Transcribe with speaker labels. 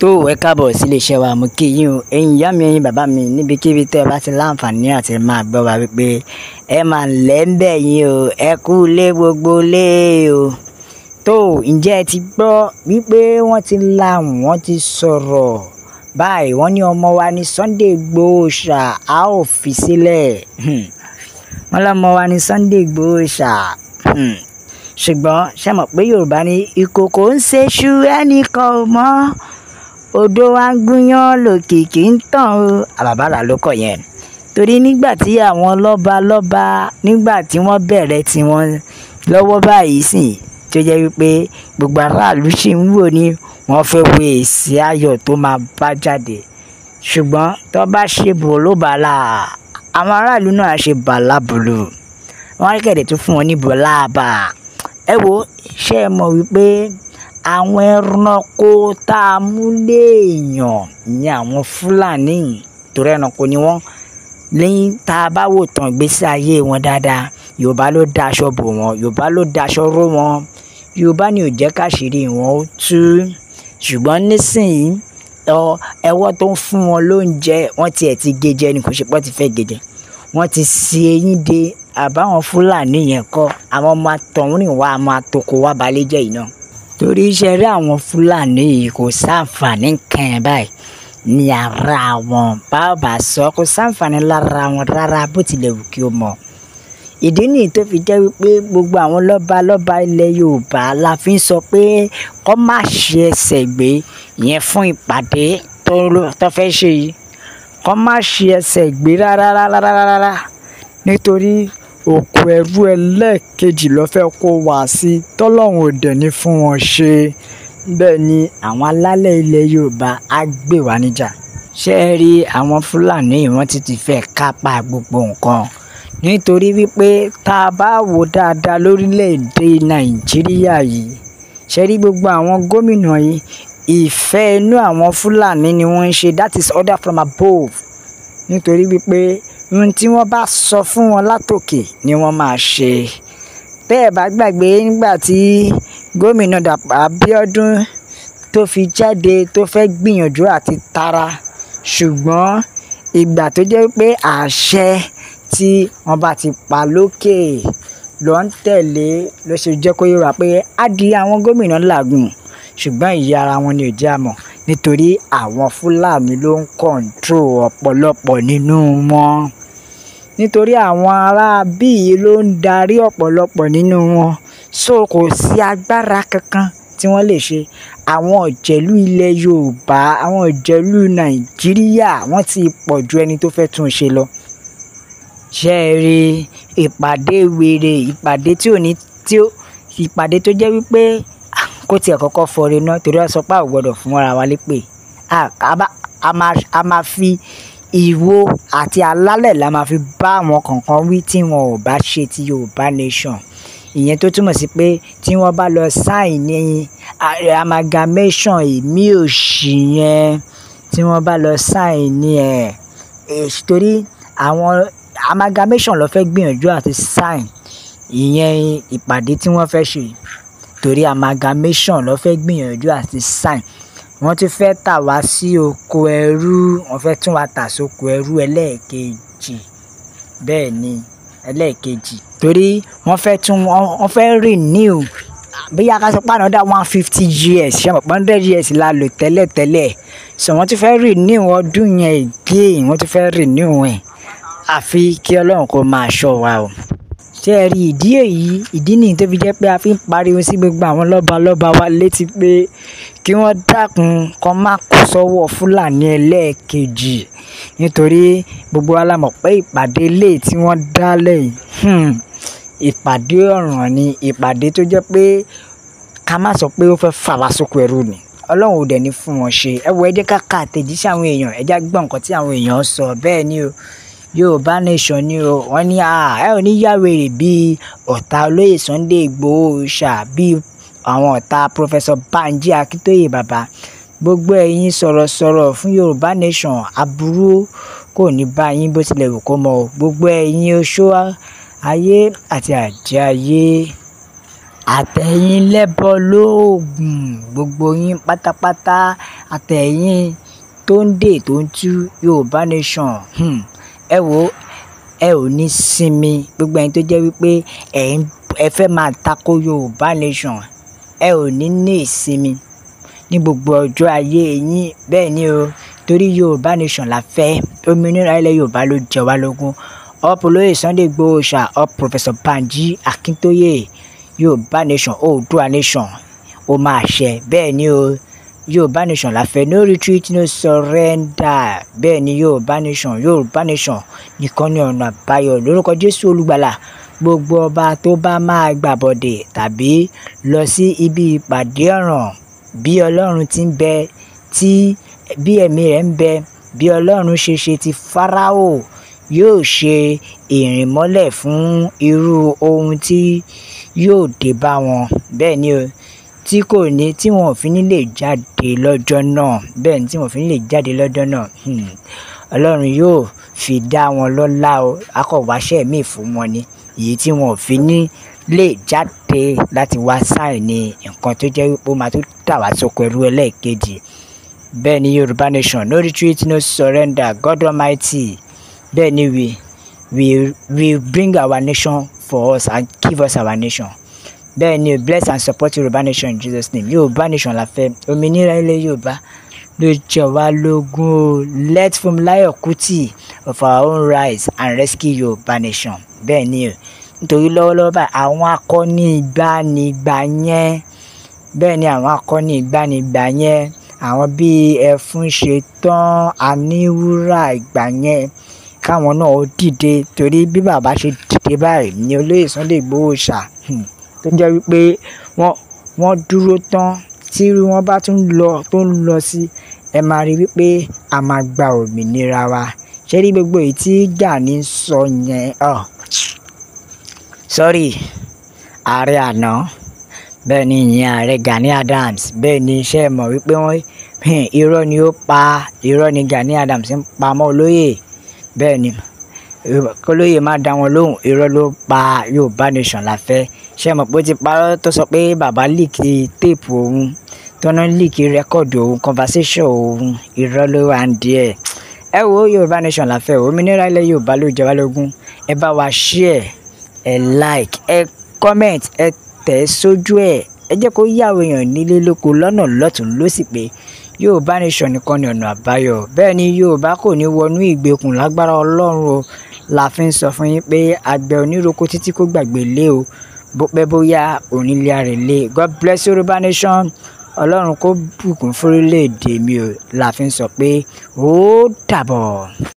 Speaker 1: tó ẹ káàbọ̀ sílé iṣẹ́ wa mo kí yín o ẹ̀yin ìyá mi ẹ̀yin bàbá mi níbikíbi tẹ́ ẹ bá ti láǹfààní àti máa gbọ́ wa wípé ẹ máa lẹ́ ń bẹ̀ yín o ẹ kú lé gbogbo lé e o tó ǹjẹ́ ẹ ti gbọ́ wípé wọ́n ti la wọ́n ti sọ̀rọ̀ báyìí wọ́n ní ọmọ wa ní Sunday Igboho ṣá a ò fi sílẹ̀ hmm. wọ́n lọ́mọ wa ní Sunday Igboho ṣá hmm. ṣùgbọ́n ṣe mọ̀ pé Yorùbá ní ìkòkò ń ṣe ṣu ẹnìkan ò mọ̀ Odo wa ń gúnyán lókìkí ń tàn ó àbàbàrà ló kọ yẹn torí nígbà tí àwọn lọ́ba lọ́ba nígbà tí wọ́n bẹ̀rẹ̀ tiwọn lọ́wọ́ báyìí sìn tó jẹ́ wípé gbogbo aráàlú sì ń wò ní wọ́n fẹ́ wo èsì ayọ̀ tó máa bá jáde ṣùgbọ́n tó bá ṣe bòlóbàlà àwọn aráàlú náà ṣe bàlábùlù wọ́n kẹ̀dẹ̀ tó fún wọn ní bòlábà ẹ wo ṣé ẹ mọ̀ wípé àwọn ẹranko tá a mú léèyàn ìyẹn àwọn Fúlàní torí ẹranko ni wọ́n lẹ́yìn tá a bá wò tán ìgbésí ayé wọn dáadáa Yorùbá ló daṣọ bò wọ́n Yorùbá ló daṣọ ró wọn Yorùbá ni ò jẹ́ káṣírí wọn ó tú ṣùgbọ́n nísìnyí ẹwọ́ tó ń fún wọn lóúnjẹ wọ́n tiẹ̀ ti gé jẹ kò ṣe pọ́ ti fẹ́ gé jẹ ti ṣe eyín de àbáwọn Fúlàní yẹn kọ́ àwọn ọmọ àtọ̀húnrìn wa máa toko wá balẹ̀ jẹ́ yìí náà torí iṣẹ́ rí àwọn fúlàní yìí kò sáǹfààní kan báyìí ní ara wọn bàbá sọ kò sáǹfààní lára wọn rárá bó tilẹ̀ wù kí o mọ̀ ìdí nìyí tó fi jẹ́ wípé gbogbo àwọn lọ́ba lọ́ba ilẹ̀ yorùbá la fi ń sọ pé kọ́ má ṣe ẹsẹ̀ gbé yẹn fún ìpàdé tó fẹ́ ṣe yìí kọ́ má ṣe ẹsẹ̀ gbé rárá rárá rárá nítorí òkú ẹrú ẹlẹ́ẹ̀kejì ló fẹ́ kó wá sí tọ́lọ́run ò dẹ̀ ní fún wọn ṣe bẹ́ẹ̀ ni àwọn alálẹ̀ ilẹ̀ yorùbá á gbè wá níjà ṣé ẹ rí àwọn fúlàní wọn ti ti fẹ́ kápá gbogbo nǹkan nítorí wípé tá a bá wò dáadáa lórílẹ̀‐èdè nàìjíríà yìí ṣe rí gbogbo àwọn gómìnà yìí ìfẹ́ inú àwọn fúlàní ni wọ́n ń ṣe that is order from above nítorí wípé ohun tí wọ́n bá sọ fún wọn látòkè ni wọ́n máa ṣe bẹ́ẹ̀ bá gbàgbé nígbà tí gómìnà Dàpọ̀ Abíọ́dún tó fi jáde tó fẹ́ gbìyànjú àti tara ṣùgbọ́n ìgbà tó jẹ́ pé àṣẹ tí wọ́n bá ti pa lókè ló ń tẹ̀lé ló ṣe jẹ́ kó yé wa pé adìyẹ àwọn gómìnà làágùn ṣùgbọ́n ìyá ara wọn ni ò jẹ́ àmọ̀ nítorí àwọn fúlàní ló ń control ọ̀pọ̀lọpọ̀ nínú wọn nítorí àwọn ará bíi ló ń darí ọ̀pọ̀lọpọ̀ nínú wọn so kò sí agbára kankan tí wọ́n lè ṣe àwọn ìjẹ̀lú ilẹ̀ yorùbá àwọn ìjẹ̀lú nàìjíríà wọ́n ti pọ̀ ju ẹni tó fẹ́ tún un ṣe lọ ṣe é rí ìpàdé wèrè ìpàdé tí ò ní tí ó ìpàdé tó jẹ́ wípé kó tiẹ̀ kọ́kọ́ fọre ná torí wọ́n sọ pé a ò gbọ́dọ̀ fún ara wa lépè a máa fi ìwo àti alálẹ̀ la máa fi bá àwọn kọ̀ọ̀kan wí tí wọn ò bá ṣe ti Yorùbá nation ìyẹn tó túmọ̀ sí pé tí wọ́n bá lọ sáìn ní amalgamation ìmí òṣì yẹn tí wọ́n bá lọ sáìn ní ẹ̀ torí àwọn amalgamation ló fẹ́ gbìyànjú àti sáìn ìyẹn ìpàdé tí wọ́n fẹ́ ṣe torí amalgamation ló fẹ́ gbìyànjú àti sign wọ́n tún fẹ́ tà wá sí oko ẹrú wọ́n fẹ́ tún wa tà sóko ẹrú ẹlẹ́ẹ̀kejì bẹ́ẹ̀ ni ẹlẹ́ẹ̀kejì torí wọ́n fẹ́ tún wọ́n fẹ́ renew bóyá ká sọ pé another one fifty years ṣe mọ̀ pé hundred years la lò tẹ́lẹ̀tẹ́lẹ̀ so wọ́n tún fẹ́ renew ọdún yẹn again wọ́n tún fẹ́ renew ẹ̀ àfi kí ọlọ́run kó máa ṣọ́ wa o. Ṣé ẹ rí ìdí èyí? Ìdí nìyí tó fi jẹ́ pé a fi ń pariwo sí gbogbo àwọn lọ́ba lọ́ba wa létí pé kí wọ́n dákun kan má kó sọ́wọ́ Fúlàní ẹlẹ́ẹ̀kejì. Nítorí gbogbo wa pé ìpàdé eléyìí tí wọ́n dá hmm. ìpàdé ọ̀ràn ni. Ìpàdé tó jẹ́ pé ká má sọ pé ó fẹ́ fà wá sóko ẹrú ni. Ọlọ́run ò dẹ̀ ní fún wọn ṣe. Ẹ wọ, ẹ jẹ́ ká ka àtẹ̀jíṣẹ́ àwọn èèyàn, ẹ jẹ́ á tí àwọn èèyàn sọ. Bẹ́ẹ̀ ni o yorùbá nation ni o wọ́n ní ẹ ò ní ya wèrè bíi ọ̀tá olóyè Sunday Igboho ṣá bíi àwọn ọ̀tá professor. Banji Akíntóyè bàbá gbogbo ẹ̀yin sọ̀rọ̀sọ̀rọ̀ fún yorùbá nation aburú kò ní bá yín bó tilẹ̀ wù kó mọ́ o gbogbo ẹ̀yin oṣó ayé àti àjẹ́ ayé àtẹ̀yìn lẹ́bọ lóògùn gbogbo yín pátápátá àtẹ̀yìn tó ń dè tó ń tú yorùbá nation. Hmm ẹ wò ẹ ò ní sinmi gbogbo ẹni tó jẹ́ wípé ẹ ń ẹ fẹ́ máa tako Yorùbá nation ẹ ò ní ní ìsinmi ní gbogbo ọjọ́ ayé yín bẹ́ẹ̀ ni o torí Yorùbá nation la fẹ́ òmìnira ilẹ̀ Yorùbá ló jẹ wá lógún up olóyè Sunday Igboho ṣá up Professor Banji Akintoye Yorùbá nation Oòduà nation ó máa ṣẹ bẹ́ẹ̀ ni o yorùbá nation la fẹ́ no retreat no surrender bẹ́ẹ̀ ni yorùbá nation yorùbá nation nìkan ni ọ̀nà àbáyọ lórúkọ jésù olùgbàlà gbogbo ọba tó bá máa gbàbọ̀dẹ̀ tàbí lọ sí ibi ìpàdé ọ̀ràn bí ọlọ́run ti ń bẹ tí bí ẹ̀mí rẹ̀ ń bẹ bí ọlọ́run ṣe ṣe ti fáráò yóò ṣe ìrìnmọ́lẹ̀ fún irú ohun tí yóò dé bá wọn bẹ́ẹ̀ ni o tí kò ní tí wọn ò fi ní lè jáde lọ́jọ́ náà bẹ́ẹ̀ ni tí wọn ò fi ní lè jáde lọ́jọ́ náà hmm. ọlọ́run yóò fi dá wọn lọ́lá o akọ̀wáṣẹ́ míì fún wọn ni èyí tí wọn ò fi ní lè jáde láti wá sáì ní nǹkan tó jẹ́ wípé ó máa tó dà wá sóko ẹrú ẹlẹ́ẹ̀kejì bẹ́ẹ̀ ni Yorùbá nation no retreat no surrender God Almighty bẹ́ẹ̀ ni we we we bring our nation for us and give us our nation bẹ́ẹ̀ ni bless and support yorùbá nation in jesus name yorùbá nation la fẹ́ òmìnira ilẹ̀ yorùbá ló jẹ wá lógún o let Fúnmiláyọ̀ Kútì of our own rise and rescue yorùbá nation bẹ́ẹ̀ ni o nítorí lọ́wọ́lọ́wọ́ báyìí àwọn akọni ìgbanigba yẹn bẹ́ẹ̀ ni àwọn akọni ìgbanigba yẹn àwọn bíi Ẹfúnṣetán Aníwúrà ìgbà yẹn káwọn náà ó dìde torí bí bàbá ṣe dìde báyìí ni olóyè Sunday Igboho ṣá tó jẹ́ wípé wọ́n wọ́n dúró tán tí wọ́n bá tún lọ tó ń lọ sí ẹ máa rí wípé a máa gba òmìnira wa ṣé rí gbogbo èyí tí Gani ń sọ yẹn oh sorry ààrẹ àná bẹ́ẹ̀ ni ìyẹn ààrẹ Gani Adams bẹ́ẹ̀ ni iṣẹ́ mọ̀ wípé wọ́n irọ́ ni ó pa irọ́ ni Gani Adams ń pa mọ́ olóyè bẹ́ẹ̀ ni kólóyè má dá wọn lóhùn irọ́ ló pa Yorùbá nation la ṣe mọ̀ pé ó ti parọ́ tó sọ pé bàbá líìkì téèpù òun tọ́nà líìkì rẹ́kọ̀dù òun conversation òun irọ́ ló wà ń díẹ̀ ẹ wo yorùbá nation láfẹ́ òmìnira ilẹ̀ yorùbá ló jẹ́ wá lógún ẹ bá wa share ẹ like ẹ comment ẹ tẹ̀ sójú ẹ ẹ jẹ́ kó yàwó èèyàn nílé lóko lọ́nà lọ́tún lọ́sì pé yorùbá nation nìkan ni ọ̀nà àbáyọ bẹ́ẹ̀ ni yorùbá kò ní wọnú ìgbèkùn lágbára ọlọ́run o la fi ń sọ fún yín pé àgbẹ̀ oníroko títí kó gbàgbé lé o bó pẹ́ bóyá onílé arèlé God bless Yorùbá nation ọlọ́run kó bùkún fórílẹ̀-èdè mi o la fi ń sọ pé ó dàbọ̀.